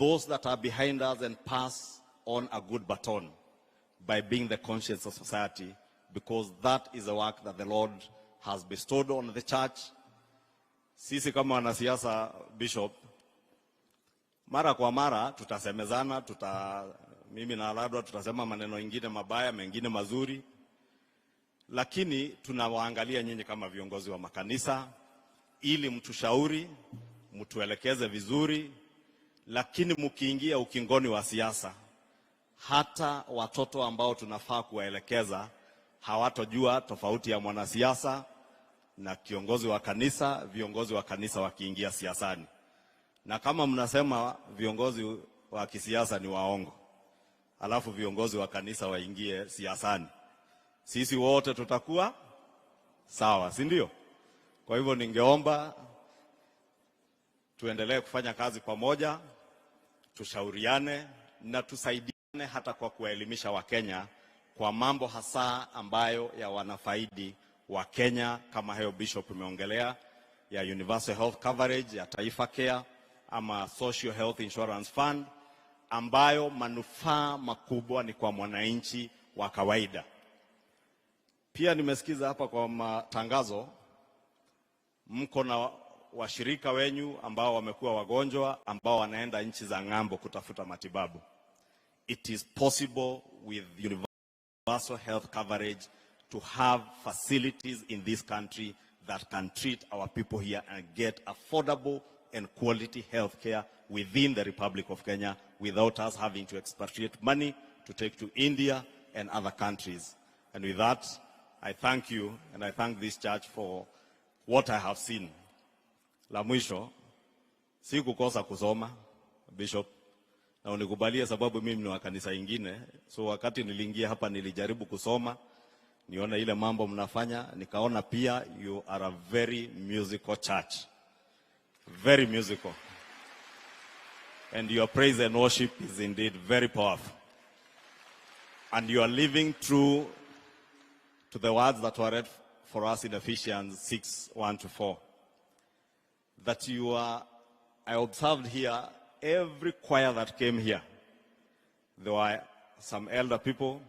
those that are behind us and pass on a good baton by being the conscience of society, because that is the work that the Lord has bestowed on the church. Sisi kama wanasiasa, Bishop, mara kwa mara tutasemezana, tuta mimi na Aladwa tutasema maneno mengine mabaya, mengine mazuri, lakini tunawaangalia nyinyi kama viongozi wa makanisa ili mtushauri, mtuelekeze vizuri lakini mkiingia ukingoni wa siasa, hata watoto ambao tunafaa kuwaelekeza hawatojua tofauti ya mwanasiasa na kiongozi wa kanisa, viongozi wa kanisa wakiingia siasani. Na kama mnasema viongozi wa kisiasa ni waongo, alafu viongozi wa kanisa waingie siasani, sisi wote tutakuwa sawa, si ndio? Kwa hivyo ningeomba tuendelee kufanya kazi pamoja tushauriane na tusaidiane hata kwa kuwaelimisha Wakenya kwa mambo hasa ambayo ya wanafaidi wa Kenya kama hayo Bishop imeongelea ya universal health coverage ya Taifa Care ama social health insurance fund, ambayo manufaa makubwa ni kwa mwananchi wa kawaida. Pia nimesikiza hapa kwa matangazo mko na washirika wenyu ambao wamekuwa wagonjwa ambao wanaenda nchi za ng'ambo kutafuta matibabu. It is possible with universal health coverage to have facilities in this country that can treat our people here and get affordable and quality health care within the Republic of Kenya without us having to expatriate money to take to India and other countries. And with that, I thank you and I thank this church for what I have seen. La mwisho si kukosa kusoma Bishop, na unikubalie sababu mimi ni wa kanisa ingine. So wakati niliingia hapa nilijaribu kusoma niona ile mambo mnafanya, nikaona pia you are a very musical church, very musical and your praise and worship is indeed very powerful and you are living true to the words that were read for us in Ephesians 6 1 to 4 that you are, I observed here, every choir that came here, there were some elder people,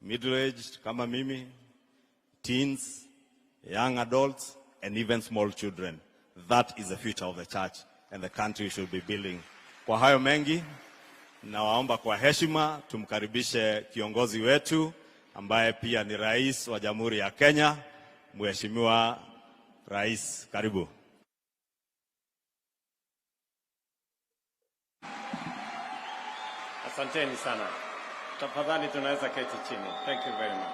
middle-aged kama mimi, teens, young adults, and even small children. That is the future of the church and the country should be building. Kwa hayo mengi, nawaomba kwa heshima tumkaribishe kiongozi wetu ambaye pia ni rais wa Jamhuri ya Kenya, Mheshimiwa Rais. Karibu. Asanteni sana. Tafadhali tunaweza keti chini. Thank you very much.